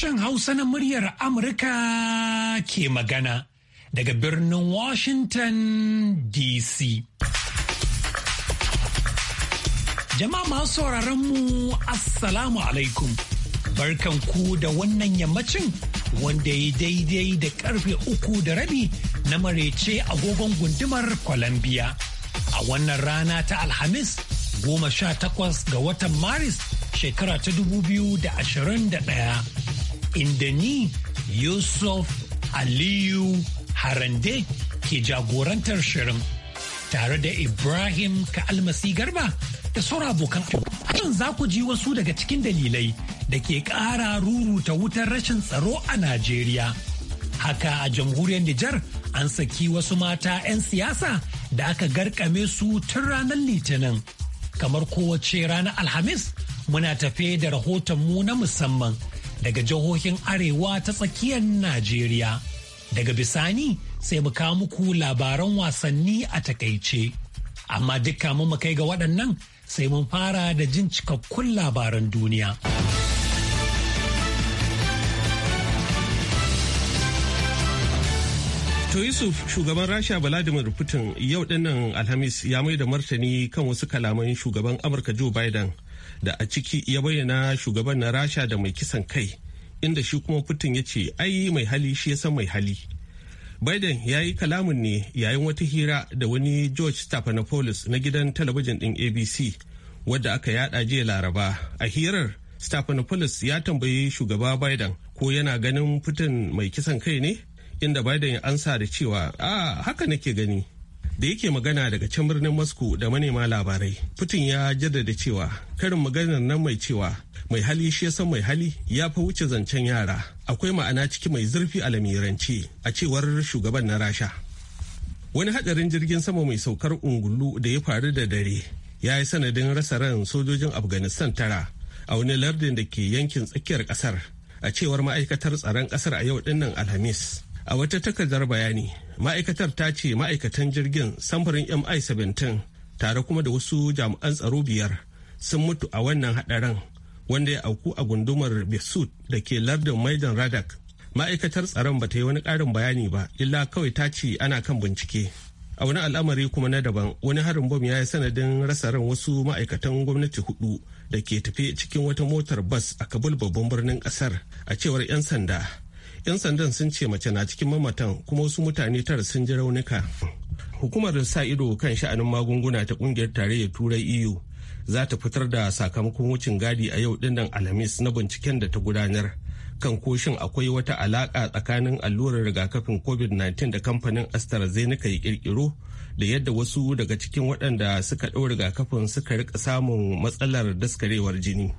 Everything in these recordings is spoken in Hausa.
sashen Hausa na muryar Amurka ke magana daga birnin Washington DC. Jama'a masu sauraron mu Assalamu alaikum. Barkan ku da wannan yammacin wanda ya daidai da karfe uku da rabi na marece agogon gundumar Columbia. A wannan rana ta Alhamis goma sha takwas ga watan Maris shekara ta dubu biyu da ashirin da ɗaya, inda ni Yusuf Aliyu Harande ke jagorantar shirin tare da Ibrahim ka almasi Garba da sauran abokan Hakan za ku ji wasu daga cikin dalilai da ke ƙara ruruta wutar rashin tsaro a Najeriya. Haka a jamhuriyar Nijar an saki wasu mata 'yan siyasa da aka garkame su tun ranar Litinin. Kamar kowace ranar Alhamis muna tafe da rahoton mu na musamman. daga jihohin arewa ta tsakiyar Najeriya. Daga bisani sai mu kawo muku labaran wasanni a takaice. Amma duk mu kai ga waɗannan sai mun fara da jin cikakkun labaran duniya. To Yusuf shugaban Rasha Vladimir Putin yau dinnan Alhamis ya mai da martani kan wasu kalaman shugaban Amurka Joe Biden. da a ciki ya bayyana shugaban na rasha da mai kisan kai inda shi kuma putin ya ce ai mai hali shi ya san mai hali biden ya yi kalamun ne yayin wata hira da wani george stephanopoulos na gidan talabijin din abc wadda aka yada jiya laraba a hirar stephanopoulos ya tambayi shugaba biden ko yana ganin putin mai kisan kai ne inda biden ya ansa da cewa a ah, haka nake gani da yake magana daga can birnin moscow da manema labarai putin ya jaddada cewa karin maganar nan mai cewa mai hali shi ya san mai hali ya fa wuce zancen yara akwai ma'ana ciki mai zurfi a lamiranci a cewar shugaban na rasha wani hadarin jirgin sama mai saukar ungulu da ya faru da dare ya yi sanadin rasa ran sojojin afghanistan tara a wani lardin da ke yankin tsakiyar kasar a cewar ma'aikatar tsaron kasar a yau dinnan alhamis a wata takardar bayani ma'aikatar ta ce ma'aikatan jirgin samfurin mi-17 tare kuma da wasu jami'an tsaro biyar sun mutu a wannan hadarin wanda ya auku a gundumar besut da ke lardin maidan radak ma'aikatar tsaron ba ta yi wani ƙarin bayani ba illa kawai ta ce ana kan bincike a wani al'amari kuma na daban wani harin bom ya yi sanadin rasa ran wasu ma'aikatan gwamnati hudu da ke tafe cikin wata motar bas a kabul babban birnin kasar a cewar 'yan sanda 'yan sandan sun ce mace na cikin mamatan kuma wasu mutane tara sun ji raunuka hukumar da sa ido kan sha'anin magunguna ta kungiyar tarayyar turai eu za ta fitar da sakamakon wucin gadi a yau dinnan alhamis na binciken da ta gudanar kan koshin akwai wata alaka tsakanin allurar rigakafin covid-19 da kamfanin astrazeneca ya kirkiro da yadda wasu daga cikin waɗanda suka ɗau rigakafin suka rika samun matsalar daskarewar jini.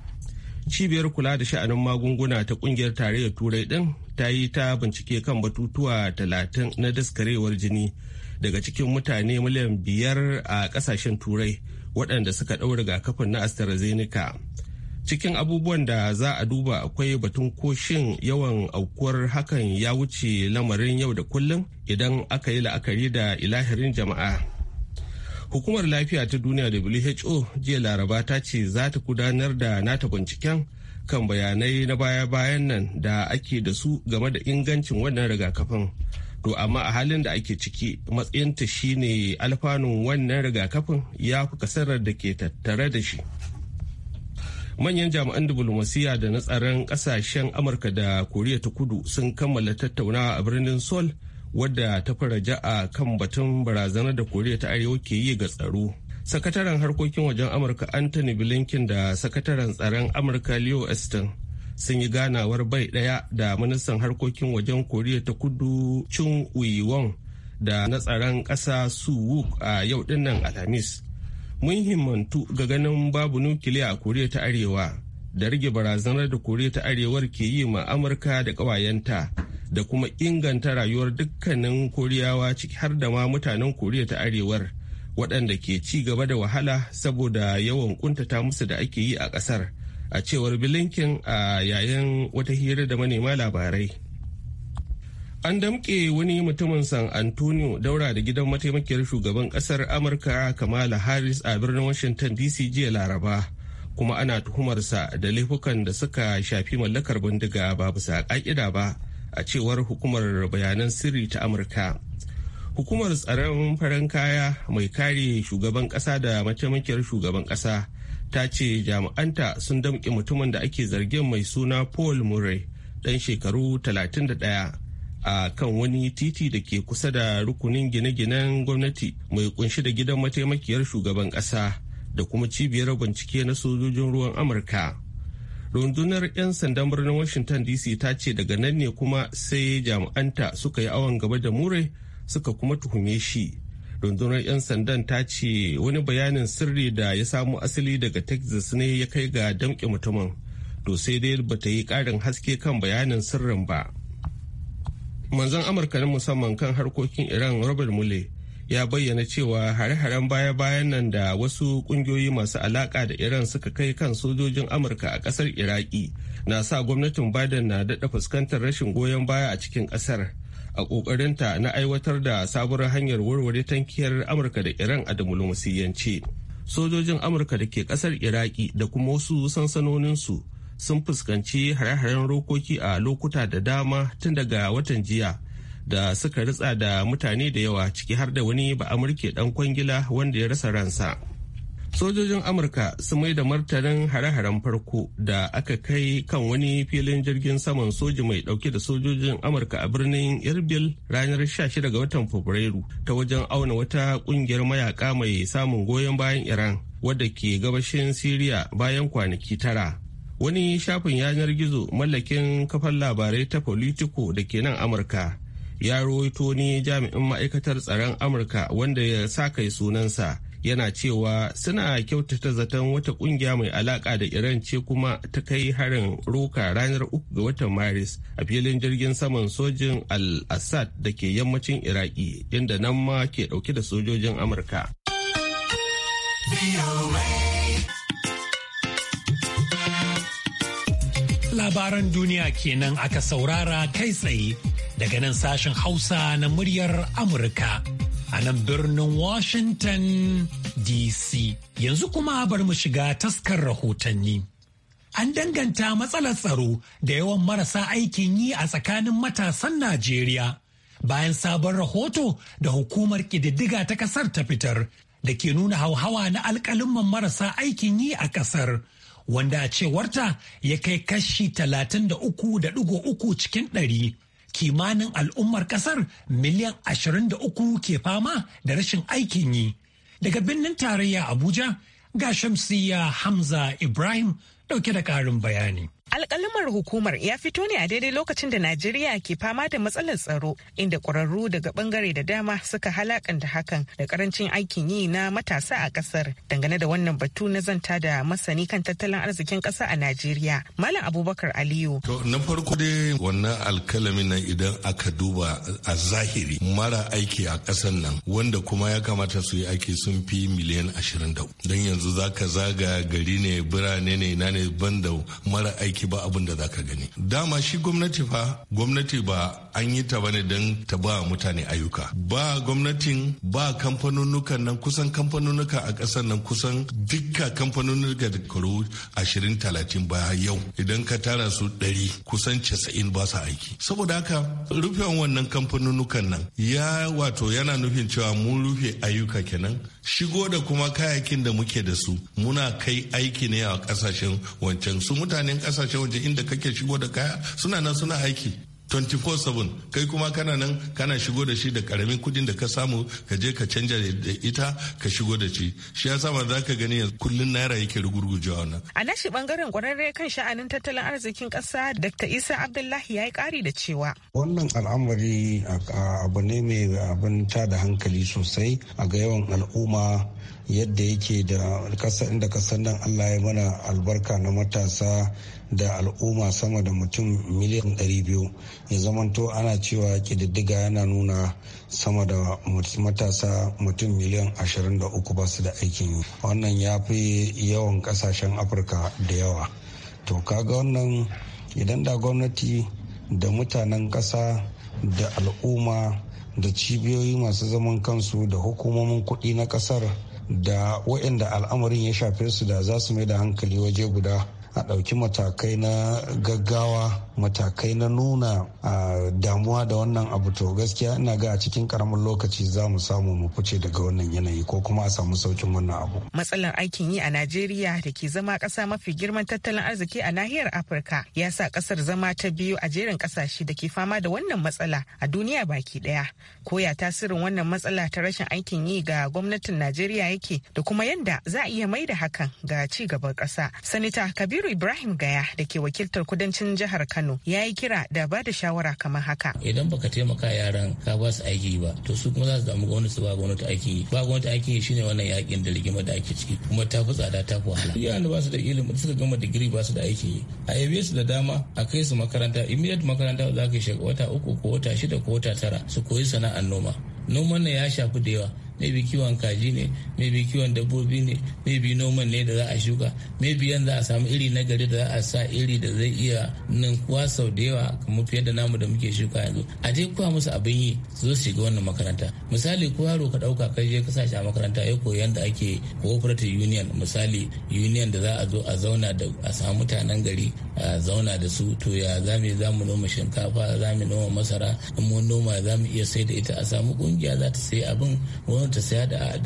cibiyar kula da sha'anin magunguna ta kungiyar tarayyar turai din ta yi ta bincike kan batutuwa talatin na daskarewar jini daga cikin mutane miliyan biyar a kasashen turai waɗanda suka ɗau kafin na astrazeneca cikin abubuwan da za a duba akwai batun koshin yawan aukuwar hakan ya wuce lamarin yau da kullum idan aka yi la'akari da ilahirin jama'a Hukumar lafiya ta duniya WHO jiya laraba ta ce za ta gudanar da nata binciken kan bayanai na baya-bayan nan da ake da su game da ingancin wannan rigakafin. To amma a halin da ake ciki matsayinta shine alfanun wannan rigakafin ya fi kasarar da ke tattare da shi. Manyan jami'an diflomasiyya da na tsaron kasashen Amurka da Koriya ta Kudu sun kammala tattaunawa a birnin Seoul wadda ta fara ja'a kan batun barazanar da koriya ta arewa ke yi ga tsaro sakataren harkokin wajen amurka anthony blinken da sakataren tsaron amurka leo eston sun yi ganawar bai daya da ministan harkokin wajen koriya ta kudu chung uiwon da na tsaron kasa su wuk a yau dinnan alhamis mun himmantu ga ganin babu nukiliya a koriya ta arewa da rage barazanar da koriya ta arewar ke yi ma amurka da ƙawayenta da kuma inganta rayuwar dukkanin koriyawa ciki har da ma mutanen koriya ta arewar waɗanda ke ci gaba da wahala saboda yawan kuntata musu da ake yi a ƙasar a cewar bilinkin a yayin wata hira da manema labarai an damƙe wani mutumin san antonio daura da gidan mataimakiyar shugaban ƙasar amurka kamala harris a birnin washington dc jiya laraba kuma ana tuhumarsa da laifukan da suka shafi mallakar bindiga ba bisa ƙa'ida ba a cewar hukumar bayanan sirri ta amurka hukumar tsaron farin kaya mai kare shugaban kasa da mataimakiyar shugaban kasa ta ce jami'anta sun damƙe mutumin da ake zargin mai suna paul murray ɗan shekaru 31 a kan wani titi da ke kusa da rukunin gine-ginen gwamnati mai kunshi da gidan mataimakiyar shugaban ƙasa da kuma cibiyar bincike na sojojin ruwan amurka rundunar 'yan sandan birnin washington dc ta ce daga nan ne kuma sai jami'anta suka yi awon gaba da mure suka kuma tuhume shi rundunar 'yan sandan ta ce wani bayanin sirri da ya samo asali daga texas ne ya kai ga damƙe mutumin to sai dai bata yi ƙarin haske kan bayanin sirrin ba manzon amurka na musamman kan harkokin iran robert mule ya bayyana cewa hare-haren baya-bayan nan da wasu kungiyoyi masu alaka da iran suka kai kan sojojin amurka a kasar iraki na sa gwamnatin biden na daɗa fuskantar rashin goyon baya a cikin ƙasar a ƙoƙarinta na aiwatar da sabuwar hanyar warware tankiyar amurka da iran a yance sojojin amurka da ke ƙasar iraki da kuma wasu sansanoninsu sun fuskanci hare-haren rokoki a lokuta da dama tun daga watan jiya da suka ritsa da mutane da yawa ciki har da wani ba amurke dan kwangila wanda ya rasa ransa sojojin amurka sun mai da martanin hare-haren farko da aka kai kan wani filin jirgin saman soji mai dauke da sojojin amurka a birnin irbil ranar 16 ga watan fabrairu ta wajen auna wata kungiyar mayaka mai samun goyon bayan iran wadda ke gabashin siriya bayan kwanaki tara wani shafin yanar gizo mallakin kafan labarai ta politico da ke nan amurka ya rawaito ne jami'in ma'aikatar tsaron amurka wanda ya sa kai sunansa yana cewa suna kyautata zaton wata kungiya mai alaka da iran ce kuma ta kai harin roka ranar uku ga watan maris a filin jirgin saman sojin al-assad da ke yammacin iraki inda nan ma ke dauke da sojojin amurka. Labaran duniya kenan aka saurara kai tsaye daga nan sashen Hausa na muryar Amurka a nan birnin Washington DC. Yanzu kuma bar mu shiga taskar rahotanni. An danganta matsalar tsaro da yawan marasa aikin yi a tsakanin matasan Najeriya bayan sabon rahoto da hukumar ƙididdiga ta ƙasar ta fitar da ke nuna hauhawa na alƙalin marasa aikin yi a ƙasar. wanda a cewarta ya kai kashi 33.3 cikin ɗari. kimanin al'ummar kasar miliyan 23 ke fama da rashin aikin yi. Daga birnin tarayya Abuja ga Shamsiyya Hamza Ibrahim dauke da karin bayani. Alƙalamar hukumar ya fito ne a daidai lokacin da Najeriya ke fama da matsalar tsaro inda ƙwararru daga ɓangare da dama suka halakanta hakan da ƙarancin aikin yi na matasa a ƙasar. Dangane da wannan batu na zanta da masani kan tattalin arzikin ƙasa a Najeriya, Malam Abubakar Aliyu. To na farko dai wannan alƙalamin nan idan aka duba a zahiri mara aiki a ƙasar nan wanda kuma ya kamata su yi aiki sun fi miliyan ashirin da don yanzu zaka zaga gari ne birane ne na ne banda mara aiki aiki ba abin da zaka gani dama shi gwamnati fa gwamnati ba an yi ta bane don ta ba mutane ayyuka ba gwamnatin ba kamfanonukan nan kusan kamfanonuka a ƙasar nan kusan dukkan kamfanonuka da karo ashirin talatin ba yau idan ka tara su ɗari kusan casa'in ba sa aiki saboda haka rufe wannan kamfanonukan nan ya wato yana nufin cewa mun rufe ayyuka kenan shigo da kuma kayakin da muke da su muna kai aiki ne a kasashen wancan su mutanen kasashen wancan inda kake shigo da kaya suna nan suna aiki 24/7 kai kuma kana nan kana shigo da shi da karamin kudin da ka samu ka je ka canja da ita ka shigo da shi shi ya sama za ka gani yanzu kullun naira yake rugurgujewa wannan a nashi bangaren kwararre kan sha'anin tattalin arzikin kasa dr isa abdullahi ya yi kari da cewa wannan al'amari abu ne mai abin ta da hankali sosai a ga yawan al'umma yadda yake da kasa inda kasan nan allah ya mana albarka na matasa da al'umma sama da mutum miliyan 200 ya zamanto ana cewa kididdiga yana nuna sama da matasa mutum miliyan 23 ba su da aikin yi wannan ya fi yawan kasashen afirka da yawa to kaga wannan idan da gwamnati da mutanen ƙasa da al'umma da cibiyoyi masu zaman kansu da hukumomin kuɗi na ƙasar da waɗanda al'amarin ya shafe su da za su mai da hankali waje guda a ɗauki matakai na gaggawa matakai na nuna damuwa da wannan abu to gaskiya ina ga a cikin karamin lokaci za mu samu mu fice daga wannan yanayi ko kuma a samu saukin wannan abu. Matsalar aikin yi a Najeriya da ke zama ƙasa mafi girman tattalin arziki a nahiyar Afirka ya sa ƙasar zama ta biyu a jerin ƙasashe da ke fama da wannan matsala a duniya baki ɗaya. Koya tasirin wannan matsala ta rashin aikin yi ga gwamnatin Najeriya yake da kuma yanda za a iya mai da hakan ga ci gaban ƙasa. Sanita kabiru. Kabiru Ibrahim Gaya da ke wakiltar kudancin jihar Kano ya yi kira da ba da shawara kamar haka. Idan baka taimaka yaran ka ba su aiki ba to su kuma za su damu gwamnati ba gwamnati aiki ba gwamnati aiki shine wannan yakin da rigima da ake ciki kuma ta fi tsada ta fi wahala. Yaran ba su da ilimi suka gama digiri ba su da aiki a yabe su da dama a kai su makaranta immediate makaranta za ka shiga wata uku ko wata shida ko wata tara su koyi sana'ar noma. Noman ne ya shafi da yawa maybe kiwon kaji ne maybe kiwon dabbobi ne maybe noman ne da za a shuka maybe yanzu a samu iri na gari da za a sa iri da zai iya nan kuwa sau da yawa kamar fiye da namu da muke shuka yanzu a dai kuwa musu abin yi su zo su shiga wannan makaranta misali ko yaro ka dauka kai je ka sa shi a makaranta ya koyi yanda ake cooperative union misali union da za a zo a zauna da a samu mutanen gari a zauna da su to ya za mu za mu noma shinkafa za mu noma masara in mun noma za mu iya sai da ita a samu kungiya za ta sai abin wani ta saya da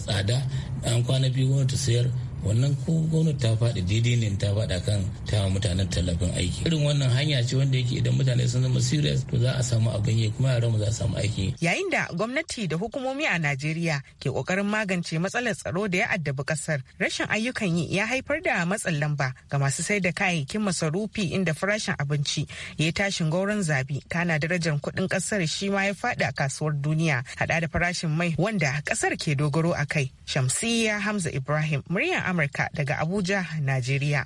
tsada an kwana biyu gwamnati ta sayar wannan ko gwamnati ta faɗi daidai ne ta faɗa kan ta mutanen tallafin aiki irin wannan hanya ce wanda yake idan mutane sun zama serious to za a samu abin yi kuma yaran mu za a samu aiki yayin da gwamnati da hukumomi a Najeriya ke kokarin magance matsalar tsaro da ya addabi kasar rashin ayyukan yi ya haifar da matsin lamba ga masu sai da kayayyakin masarufi inda farashin abinci ya tashin gauran zabi kana darajar kuɗin kasar shi ma ya faɗi a kasuwar duniya haɗa da farashin mai wanda kasar ke dogaro a kai shamsiya hamza ibrahim muryar Amurka daga Abuja, Najeriya.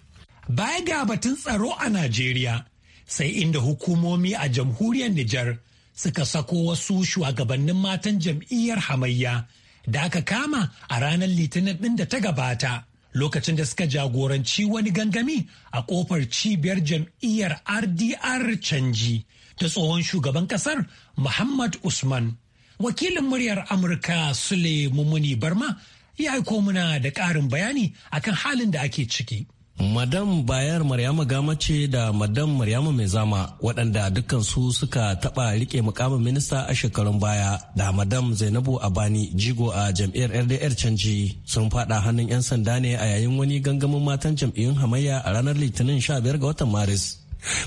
Baya ga batun tsaro a Najeriya, sai inda hukumomi a jamhuriyar Nijar suka sako wasu shugabannin matan jam'iyyar hamayya da aka kama a ranar litinin ɗin da ta gabata lokacin da suka jagoranci wani gangami a kofar cibiyar jam'iyyar RDR canji ta tsohon shugaban ƙasar Muhammad Usman. Wakilin muryar Amurka Sule Mumuni Barma ya aiko muna da ƙarin bayani akan halin da ake ciki. Madam Bayar Maryama Gama ce da Madam Maryama Mai Zama waɗanda dukkansu suka taɓa rike mukamin minista a shekarun baya da Madam Zainabu Abani jigo a jam'iyyar RDR canji sun faɗa hannun 'yan sanda ne a yayin wani gangamin matan jam'iyyun hamayya a ranar Litinin 15 ga watan Maris.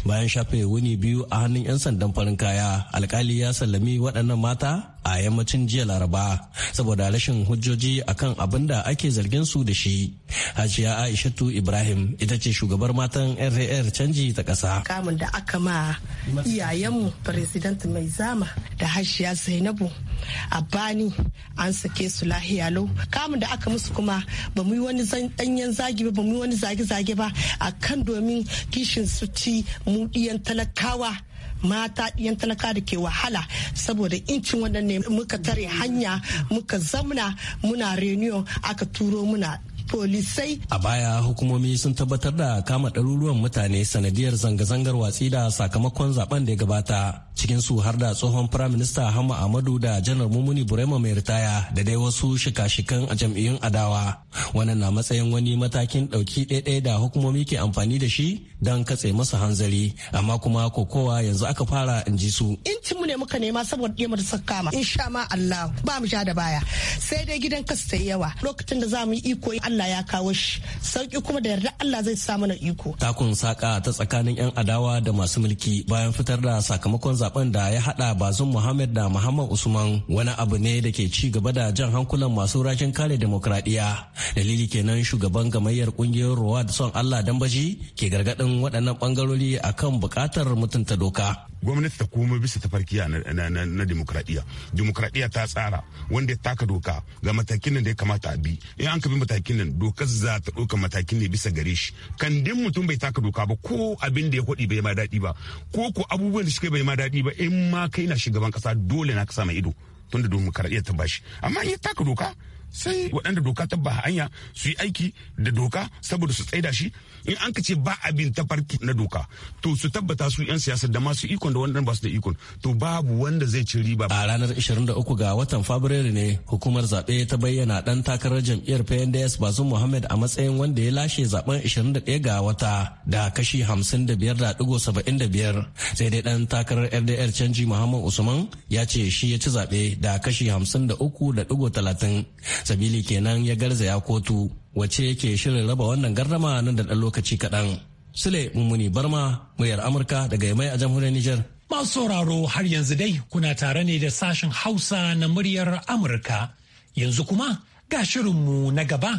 Bayan shafe wuni biyu a hannun 'yan sandan farin kaya, alkali ya sallami waɗannan mata a yammacin jiya laraba saboda rashin hujjoji akan abin da ake zargin su da shi hajiya aishatu ibrahim ita ce shugabar matan rar canji ta kasa. kamun da aka ma iyayenmu president mai zama da hajiya zainabu a bani an sake su lahiya kamun da aka musu kuma ba mu yi wani danyen zagi ba ba mu yi wani zage-zage ba akan domin kishin su ci mu talakawa mata yan talaka da ke wahala saboda incin waɗanne muka tare hanya muka zamna muna reunion aka turo muna polisai. A baya hukumomi sun tabbatar da kama ɗaruruwan mutane sanadiyar zanga-zangar watsi da sakamakon zaben da ya gabata. cikin su har da tsohon firaminista hama amadu da janar mumuni burema mai ritaya da dai wasu shika-shikan a jam'iyyun adawa wannan na matsayin wani matakin ɗauki ɗaiɗai da hukumomi ke amfani da shi don katse masa hanzari amma kuma kokowa yanzu aka fara in ji su in mu ne muka nema saboda ɗimar kama. in sha ma allah ba mu sha da baya sai dai gidan kasta yawa lokacin da za mu yi iko allah ya kawo shi sauki kuma da yarda allah zai sa mana iko takun saka ta tsakanin yan adawa da masu mulki bayan fitar da sakamakon zaben da ya hada bazum muhammad da muhammad usman wani abu ne da ke ci gaba da jan hankulan masu rajin kare demokradiyya dalili kenan shugaban gamayyar kungiyar ruwa da son allah dambaji ke gargadin waɗannan bangarori akan buƙatar mutunta doka gwamnati ta koma bisa tafarkiya na demokradiyya demokradiyya ta tsara wanda ya taka doka ga matakin nan da ya kamata a bi in an bi matakin nan dokar za ta ɗauka matakin ne bisa gare shi kan mutum bai taka doka ba ko abin da ya kwaɗi bai ma daɗi ba ko ko abubuwan da shi bai ma daɗi daɗi ba in ma kai na shugaban kasa dole na ka sa mai ido tunda domin karaɗe ta bashi amma in ya taka doka sai waɗanda doka ta ba hanya su yi aiki da doka saboda su tsaida shi in an ce ba abin ta farki na doka to su tabbata su 'yan siyasa da masu ikon da wanda ba su da ikon to babu wanda zai ci riba. a ranar 23 ga watan fabrairu ne hukumar zaɓe ta bayyana ɗan takarar jam'iyyar pnds bazum muhammad a matsayin wanda ya lashe zaben 21 ga wata da kashi 55.75 sai dai ɗan takarar ldr canji muhammad usman ya ce shi ya ci zaɓe da kashi 53.30 sabili kenan ya garzaya kotu wacce yake shirin raba wannan gardama nan da ɗan lokaci kaɗan sule mummuni barma muryar amurka daga yamai a jamhuriyar nijar masu sauraro har yanzu dai kuna tare ne da sashen hausa na muryar amurka yanzu kuma ga shirinmu na gaba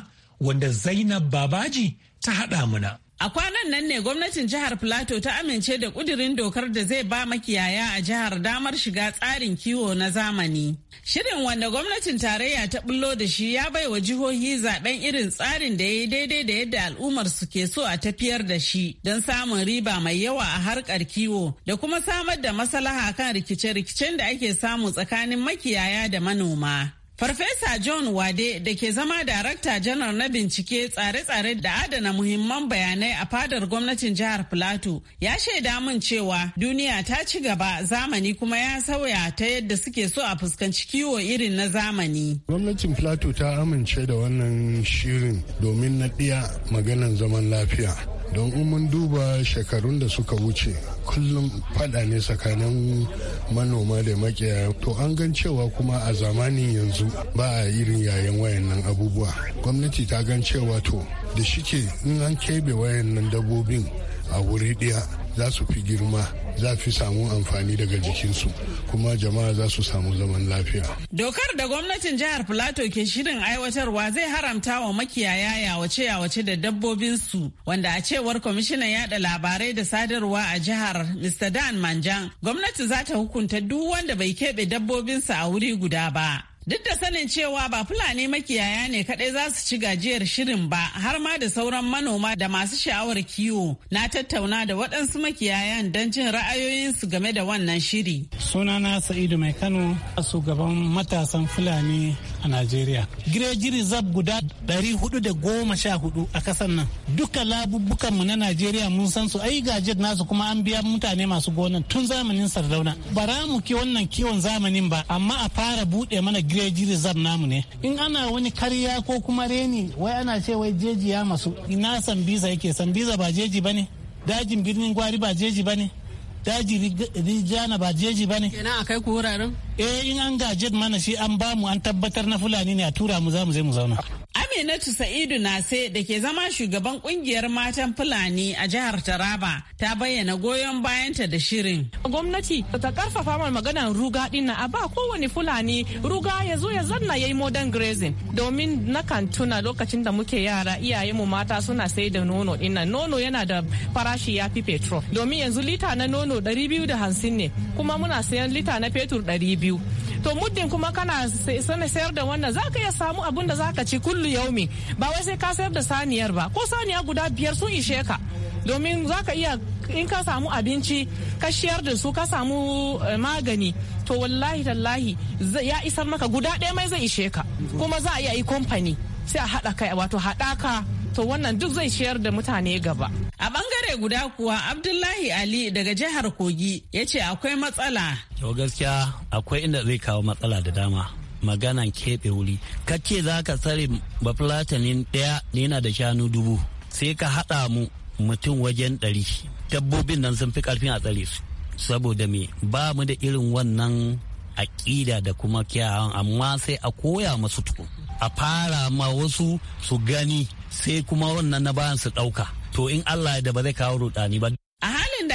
wanda zainab babaji ta haɗa muna A kwanan nan ne gwamnatin jihar Plateau ta amince da kudirin dokar da zai ba makiyaya a jihar damar shiga tsarin kiwo na zamani. Shirin wanda gwamnatin tarayya ta bullo da shi ya bai wa jihohi zaben irin tsarin da ya yi daidai da yadda al'ummar su ke so a tafiyar da shi don samun riba mai yawa a harkar kiwo da kuma samar da maslaha kan rikice-rikicen da ake samu tsakanin makiyaya da manoma. Farfesa John Wade da ke zama darakta janar na bincike tsare-tsare da adana muhimman bayanai a fadar gwamnatin jihar Filato ya shaida mun cewa duniya ta ci gaba zamani kuma ya sauya ta yadda suke so a fuskanci kiwo irin na zamani. Gwamnatin Filato ta amince da wannan shirin domin na ɗiya maganan zaman lafiya. don in mun duba shekarun da suka wuce kullum fada ne tsakanin manoma da makiyaya to an gan cewa kuma a zamanin yanzu ba a irin yayin wayannan abubuwa gwamnati ta gan cewa to da shike in an keɓe wayannan dabbobin a wuri ɗaya za su fi girma za fi samu amfani daga jikinsu kuma jama'a za su samu zaman lafiya. Dokar da gwamnatin jihar Filato ke shirin aiwatarwa zai haramta wa makiyaya yawace-yawace da dabbobinsu wanda a cewar kwamishinan yada labarai da sadarwa a jihar Mr. Dan Manjan gwamnati za ta hukunta duk wanda bai keɓe dabbobinsa a wuri guda ba. Duk da sanin cewa ba Fulani makiyaya ne kadai za su ci gajiyar shirin ba har ma da sauran manoma da masu sha'awar kiwo na tattauna da waɗansu makiyayan don jin ra'ayoyinsu game da wannan shiri. Sunana Sa'idu Mai Kano, a shugaban matasan Fulani a Najeriya. Gireji zab guda 414 a kasar nan. Duka labubukanmu na Najeriya mun san su ai gajet nasu kuma an biya mutane masu gonan tun zamanin Sardauna. Bara mu ki wannan kiwon zamanin ba amma a fara bude mana gireji zab namu ne. In ana wani karya ko kuma reni wai ana ce wai jeji ya masu. Ina san biza yake biza ba jeji bane. Dajin birnin Gwari ba jeji bane. daji rijana ba jeji ba ne. Kenan akai ku wuraren? Eh in an gaje mana shi an bamu an tabbatar na Fulani ne a tura mu za mu je mu zauna. Aminatu Sa'idu Nase da ke zama shugaban kungiyar matan Fulani a jihar Taraba ta bayyana goyon bayanta da shirin. Gwamnati ta karfafa ma maganar ruga din a ba kowane Fulani ruga ya zo ya zanna ya yi modern grazing domin na kan tuna lokacin da muke yara iyayenmu mata suna sai da nono din nono yana da farashi ya fi petrol domin yanzu lita na nono 250 ne kuma muna sayan lita na fetur 200 to muddin kuma kana sayar da wannan zaka iya samu abin da zaka ci kullu yau yaumi ba wai sai ka sayar da saniyar ba ko saniya guda biyar sun ishe ka domin za ka iya in ka samu abinci ka shiyar da su ka samu eh, magani to wallahi tallahi ya isar maka guda ɗaya mai zai ishe ka kuma za a iya yi kamfani sai a haɗa kai wato haɗaka to wannan duk zai shiyar da mutane gaba. A bangare guda kuwa Abdullahi Ali daga jihar Kogi ya ce akwai matsala. To gaskiya akwai inda zai kawo matsala da dama. maganan keɓe wuri kace za ka tsare bafulatanin ɗaya yana da shanu dubu sai ka haɗa mu mutum wajen ɗari dabbobin nan sun fi ƙarfin a tsare su saboda me ba mu da irin wannan aƙida da kuma kyawun amma sai a koya masu tuku a fara ma wasu su gani sai kuma wannan na bayan su ɗauka to in allah da ba zai kawo rudani ba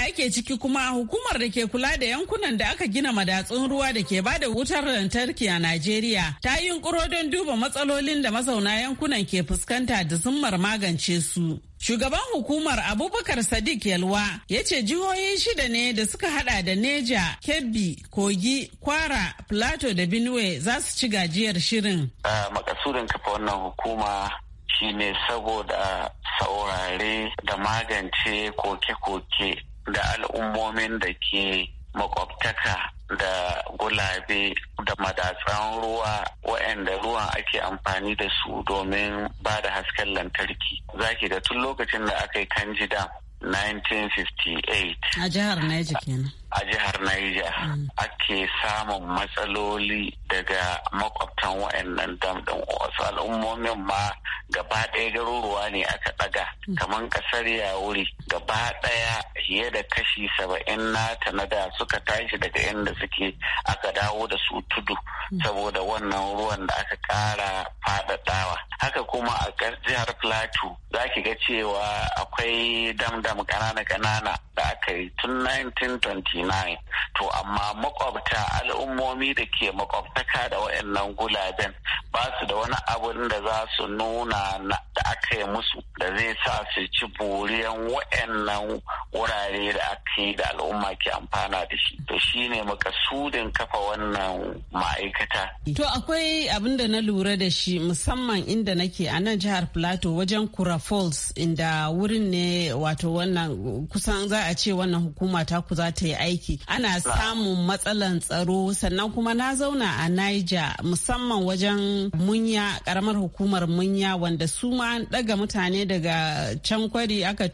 ake ciki kuma hukumar da ke kula da yankunan da aka gina madatsun ruwa da ke bada wutar lantarki a Najeriya ta yi yunkuro don duba matsalolin da mazauna yankunan ke fuskanta da zummar magance su. Shugaban hukumar Abubakar Sadiq Yalwa ya ce jihohi shida ne da suka hada da Neja, Kebbi, Kogi, Kwara, Plateau da Benue za su ci gajiyar shirin. makasudin kafa wannan hukuma shine saboda saurare da magance koke-koke da al'ummomin da ke makwabtaka da gulabe da madatsan ruwa waɗanda ruwan ake amfani da su domin ba da hasken lantarki zaki ga tun lokacin da aka yi kanji dam 1958 a jihar Niger kenan a jihar Niger mm. ake samun matsaloli daga makwabtan wa'annan damdin wasu al'ummomin ma gaba ɗaya garuruwa ne aka ɗaga mm. kamar ƙasar yawuri gaba ɗaya fiye da kashi saba'in nata na da suka tashi daga inda suke aka dawo da su tudu mm. saboda wannan ruwan da aka ƙara faɗaɗawa haka kuma a jihar plateau za ki ga cewa akwai damdam ƙanana-ƙanana da aka yi tun 1920 to amma makwabta al'ummomi da ke makwabtaka da wa'annan gulaben ba su da wani abin da za su nuna da aka yi musu da zai sa su ci buriyan wa'annan. wurare da aka yi da al'umma ke amfana da shi to shine makasudin kafa wannan ma'aikata to akwai abin da na lura da shi musamman inda nake a nan jihar plateau wajen kura falls inda wurin ne wato wannan kusan za a ce wannan hukuma ta ku za ta yi aiki ana samun matsalan tsaro sannan kuma na zauna a niger musamman wajen munya karamar hukumar munya wanda su ma daga mutane daga can kwari aka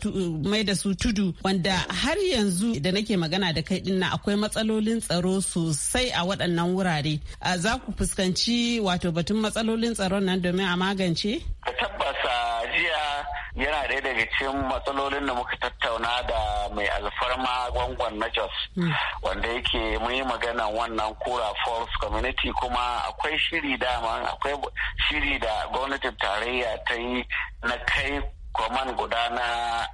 mai da su tudu wanda har yanzu da nake magana da kai dinnan akwai matsalolin tsaro sosai a waɗannan wurare za ku fuskanci wato batun matsalolin tsaron nan domin a magance ka tabbasa jiya yana ɗaya daga cikin matsalolin da muka tattauna da mai alfarma gwangon na jos hmm. wanda yake muyi magana wannan kura falls community kuma akwai shiri dama akwai shiri da gwamnatin tarayya ta yi na kai command guda na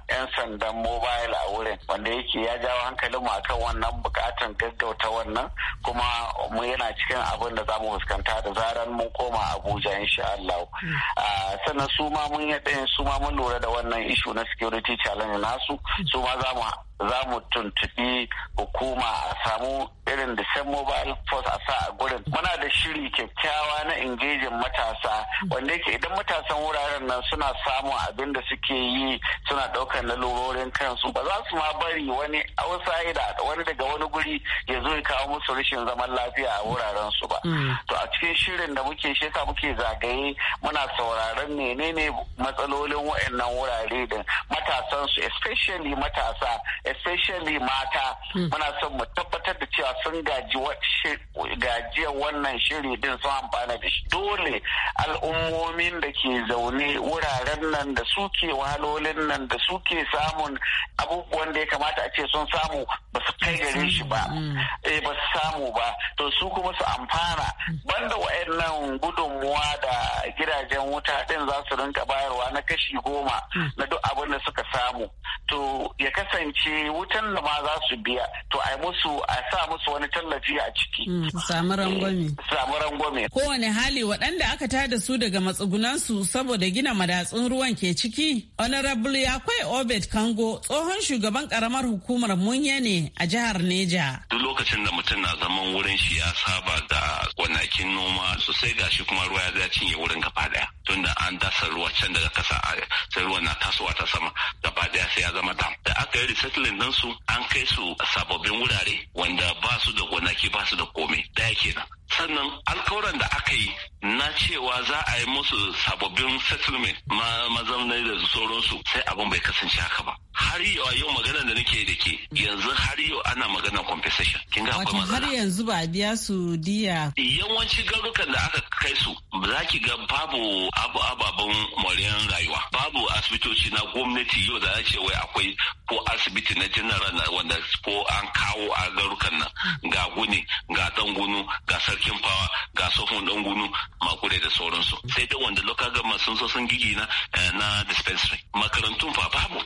'yan sandan mobile a wurin wanda yake ya jawo hankalinmu akan wannan bukatan gaggauta wannan kuma mu yana cikin abin da za mu fuskanta da zaran mun koma abuja insha Allah hmm. ah, sannan su ma mun yi su ma mun lura da wannan issue na security challenge nasu hmm. su ma za mu za mu tuntuɓi hukuma a samu irin da san mobile force a sa a gurin muna da shiri kyakkyawa na ingejin matasa wanda yake idan matasan wuraren nan suna samun abin da suke yi suna ɗaukar lalurorin kansu ba za su ma bari wani outsider wani daga wani guri ya zo ya kawo musu rashin zaman lafiya a wuraren su ba mm. to a cikin shirin da muke shi muke zagaye muna sauraron menene matsalolin wa'annan wurare da matasan su especially matasa especially mata hmm. muna son mu tabbatar da cewa sun gaji gajiya wannan shiri din sun amfana da shi dole al'ummomin da ke zaune wuraren nan da suke walolin nan da suke samun abubuwan da ya kamata a ce sun samu ba su kai gare shi ba hmm. eh ba su samu ba to su kuma su amfana hmm. banda wayannan gudunmuwa da gidajen wuta din za su rinka bayarwa na kashi goma na duk abin da suka samu to ya kasance ce eh, wutan da ma za su biya to a musu a sa musu wani tallafi a ciki. Mm, samu rangwame. Eh, samu rangwame. Kowane hali waɗanda aka tada su daga matsugunansu saboda gina madatsun ruwan ke ciki. Honorable Yakwai Obed Kango tsohon shugaban karamar hukumar Munye ne a jihar Neja. Duk lokacin da mutum na zaman wurin shi ya saba da gwanakin noma sosai gashi kuma ruwa ya cinye wurin gaba daya. Tunda an dasa ruwa can daga kasa sai ruwan na tasowa ta sama gaba daya sai ya zama dam. Da aka yi nan su an kai su sababbin wurare wanda ba su da gonaki ba su da komai daya kenan sannan alkawuran da aka yi na cewa za a yi musu sababbin settlement mazaunai da sauransu sai abin bai kasance haka ba har yau yau magana da nake da ke yanzu har yau ana magana compensation kin ga akwai har yanzu ba biya su diya yawanci garukan da aka kai su za ki ga babu abu ababen moriyan rayuwa babu asibitoci na gwamnati yau da ce wai akwai ko asibiti na general na wanda ko an kawo a garukan nan ga gune ga dangunu ga sarkin fawa ga sofin dangunu ma makure da sauransu sai dai wanda local government sun so sun gigi na eh, na dispensary makarantun fa babu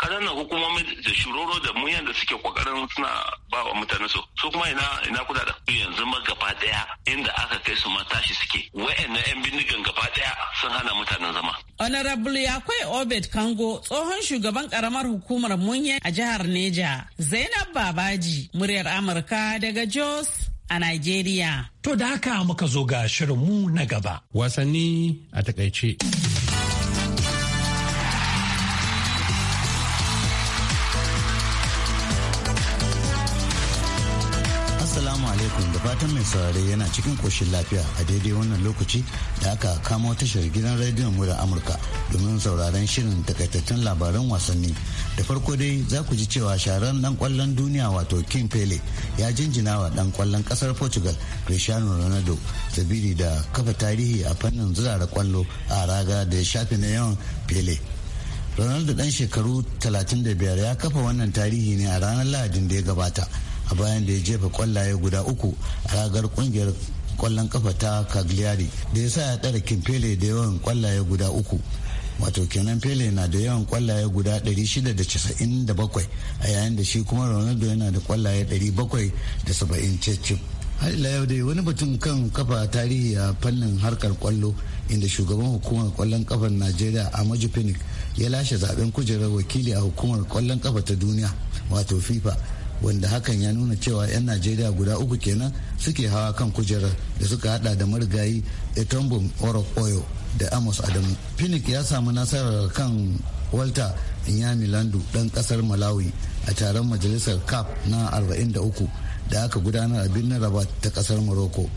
ƙananan eh, hukumomi da shuroro da muyan da suke kokarin suna ba wa mutane su su kuma ina ina da yanzu ma gaba daya inda aka kai su ma tashi suke wa'annan yan bindigan gaba daya sun hana mutanen zama honorable yakwai obed kango tsohon shugaban karamar hukumar munyan a jihar neja zainab babaji muryar amurka daga jos a Najeriya. To da haka muka zo ga shirinmu na gaba. Wasanni a takaice. fatan mai saurari yana cikin koshin lafiya a daidai wannan lokaci da aka kamo tashar gidan rediyon mu da Amurka domin sauraron shirin takaitattun labaran wasanni. Da farko dai za ku ji cewa sharan dan kwallon duniya wato Kim Pele ya jinjina wa dan kwallon kasar Portugal Cristiano Ronaldo sabili da kafa tarihi a fannin zurara kwallo a raga da ya shafi na yawan Pele. Ronaldo dan shekaru 35 ya kafa wannan tarihi ne a ranar Lahadin da ya gabata. a bayan da ya jefa kwallaye guda uku a ragar kungiyar kwallon kafa ta cagliari da ya sa ya tsara kimfele da yawan kwallaye guda uku wato kenan pele na da yawan kwallaye guda 697 a yayin da shi kuma ronaldo yana da kwallaye 770 cecip har ila yau dai wani batun kan kafa tarihi a fannin harkar kwallo inda shugaban hukumar kwallon kafar najeriya amaju phoenix ya lashe zaben kujerar wakili a hukumar kwallon kafa ta duniya wato fifa wanda hakan ya nuna cewa 'yan najeriya guda uku kenan suke hawa kan kujerar da suka hada da marigayi etombo orok oyo da amos adamu phoenix ya samu nasarar kan walter inyami landu dan kasar malawi a taron majalisar cap na 43 da aka gudanar a birnin rabat ta kasar morocco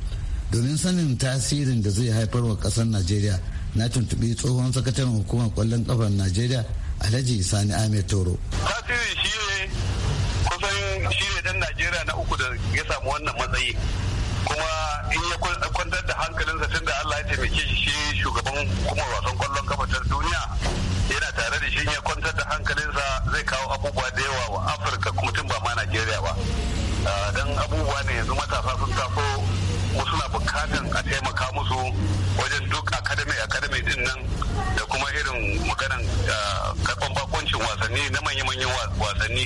domin sanin tasirin da zai haifar wa kasar najeriya na tuntubi tsohon sakataren hukumar kwallon kafar najeriya alhaji sani ahmed toro kusan shi ne dan najeriya na uku da ya samu wannan matsayi kuma in ya kwantar da hankalinsa tun da allah ya taimake shi shi shugaban hukumar wasan kwallon kafa ta duniya yana tare da shi ya kwantar da hankalinsa zai kawo abubuwa da yawa wa afirka mutum ba ma najeriya ba ah, don abubuwa ne yanzu matasa sun taso mu suna bukatan a taimaka musu wajen duk akademi akademi din nan da kuma irin maganan ah, kocin wasanni na manya-manyan wasanni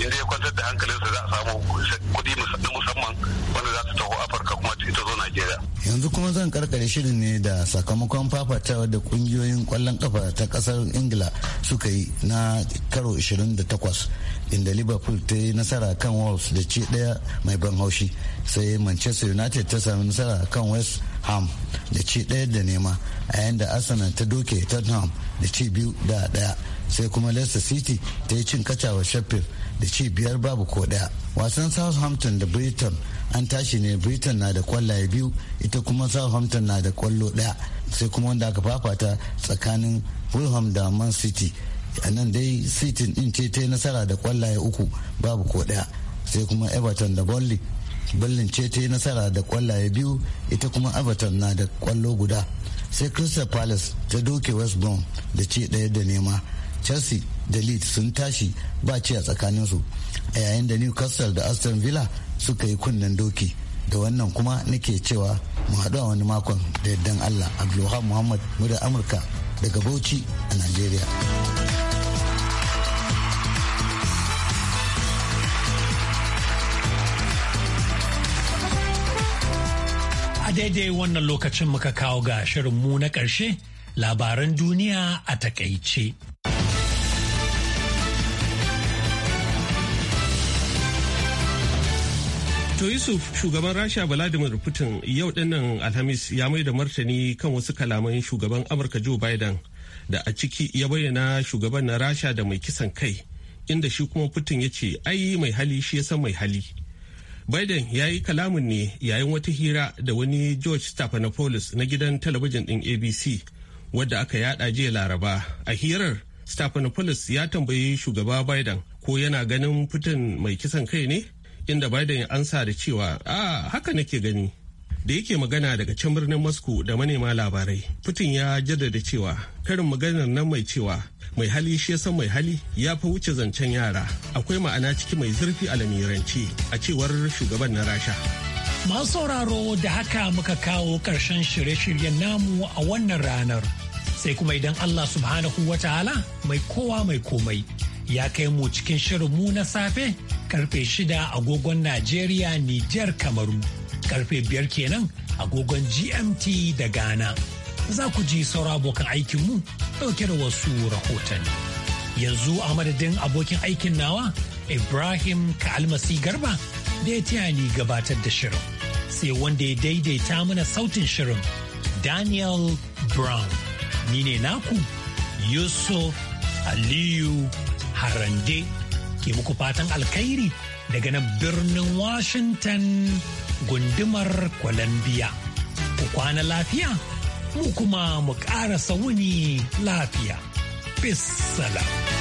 inda ya kwantar da hankalinsa za a samu kuɗi na musamman wanda za su taho afirka kuma ita zo najeriya yanzu kuma zan karkare shirin ne da sakamakon fafatawa da kungiyoyin kwallon kafa ta kasar ingila suka yi na karo 28 inda liverpool ta yi nasara kan wolves da ce daya mai ban haushi sai manchester united ta sami nasara kan west ham da ce daya da nema a yayin da arsenal ta doke tottenham da ce biyu da daya sai kuma leicester city ta yi cin kacawa sheffield da ci biyar babu ko daya wasan southampton da britain an tashi ne britain na da kwallaye biyu ita kuma southampton na da kwallo daya sai kuma wanda aka fafata tsakanin fulham da man city a nan dai city din ce ta yi nasara da kwallaye uku babu ko daya sai kuma everton da burnley burnley ce ta yi nasara da kwallaye biyu ita kuma everton na da kwallo guda sai crystal palace ta doke west brom da ci daya da nema chelsea da leeds sun tashi ba ci a tsakaninsu a yayin da newcastle da aston villa suka yi kunnen doki da wannan kuma nake cewa mu haɗu a wani makon da yardan allah abdulhamid muhammad da amurka daga bauchi a nigeria a daidai wannan lokacin muka kawo ga shirin mu na ƙarshe labaran duniya a takaice. To Yusuf shugaban Rasha Vladimir Putin yau dinnan Alhamis ya mai da martani kan wasu kalaman shugaban Amurka Joe Biden da a ciki ya bayyana shugaban na Rasha da mai kisan kai inda shi kuma Putin ya ce ai mai hali shi ya san mai hali. Biden ya yi kalamin ne yayin wata hira da wani George Stephanopoulos na gidan talabijin ɗin ABC wadda aka yada jiya Laraba. A hirar Stephanopoulos ya tambayi shugaba Biden ko yana ganin Putin mai kisan kai ne? inda Biden ya ansa da cewa a haka nake gani. Da yake magana daga can birnin Moscow da manema labarai, Putin ya jaddada cewa karin maganar nan mai cewa mai hali shi san mai hali ya fi wuce zancen yara akwai ma'ana ciki mai zurfi a lamiranci a cewar shugaban na Rasha. Masu sauraro da haka muka kawo ƙarshen shirye-shiryen namu a wannan ranar. Sai kuma idan Allah subhanahu wa ta'ala mai kowa mai komai ya kai mu cikin shirin mu na safe karfe shida agogon Najeriya, Nijar, Kamaru, karfe biyar kenan agogon GMT da Ghana. Za ku ji saura abokan aikinmu ɗauke da wasu rahoton. Yanzu a madadin abokin aikin nawa, Ibrahim Ka'almasi Garba da ya taya ni gabatar da shirin. Sai wanda ya daidaita mana sautin shirin, Daniel Brown. Ni ne naku, Yusuf Aliyu Harande. ke muku fatan alkhairi daga nan birnin Washington gundumar Columbia. Ku kwana lafiya, mu kuma mu ƙara sauni lafiya. Peace